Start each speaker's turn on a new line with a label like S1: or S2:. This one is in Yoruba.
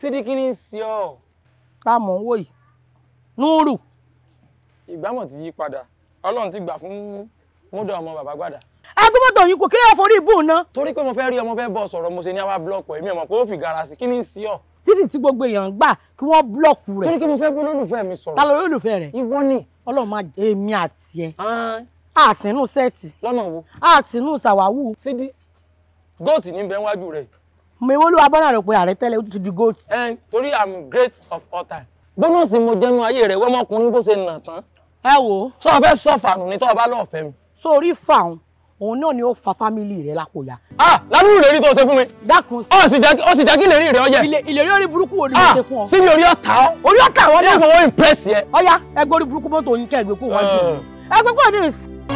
S1: sídìkì ní sí ọ. tá a mọ̀ ń wò yìí núrù.
S2: ìgbámọ̀ ti yí padà ọlọ́run ti gbà fún múdọ̀ ọmọ bàbá
S3: gbàdà. agbómọ̀tò yìí kò kílẹ̀ forí ìbú ná. torí pé mo fẹ́ rí ọmọ fẹ́ bọ́ sọ̀rọ̀ mo ṣe ní àwa búlọ̀kù ẹ̀mí ọmọ pé ó fi gara sí kí ní sí ọ.
S1: títí tí gbogbo èèyàn gbà kí wọ́n búlọ̀kù rẹ̀. torí pé mo fẹ́ bí olólùfẹ́ mi sọ̀rọ̀. ta ló olólùfẹ́ rẹ̀. ìwọ ni. ọlọ́run máa jẹ èmi àti ẹ. àsìnú sẹ́ẹ̀tì. lọ́nà wo. àsìnú sàwáwù. sídìí góòtì ní
S4: bẹ́ẹ̀ wájú rẹ̀ yìí
S1: mo bọ́nà rò pé ààrẹ tẹ́lẹ̀ ó ti goat. ẹ
S4: torí i'm great of all time
S1: bọ́nọ̀sì mo jẹnu ayé rẹ̀ wọ́mọkùnrin bó ṣe nà tán. ẹ wo. sọ fẹ́ sọ fàánù ni tọ́ ọba fẹ́ mi. sórí fàánù òun náà ni ó fa fámìlì rẹ lápòyà. a ládùúgbò lè tó ṣe fún mi. dákun sí. ó sì jẹ́ kí lè rí rẹ
S5: ìlérí orí burúkú wo ni mo ṣe fún ọ. síbi orí ọ̀tá ọ. orí ọ̀tá ọ
S1: náà. yóò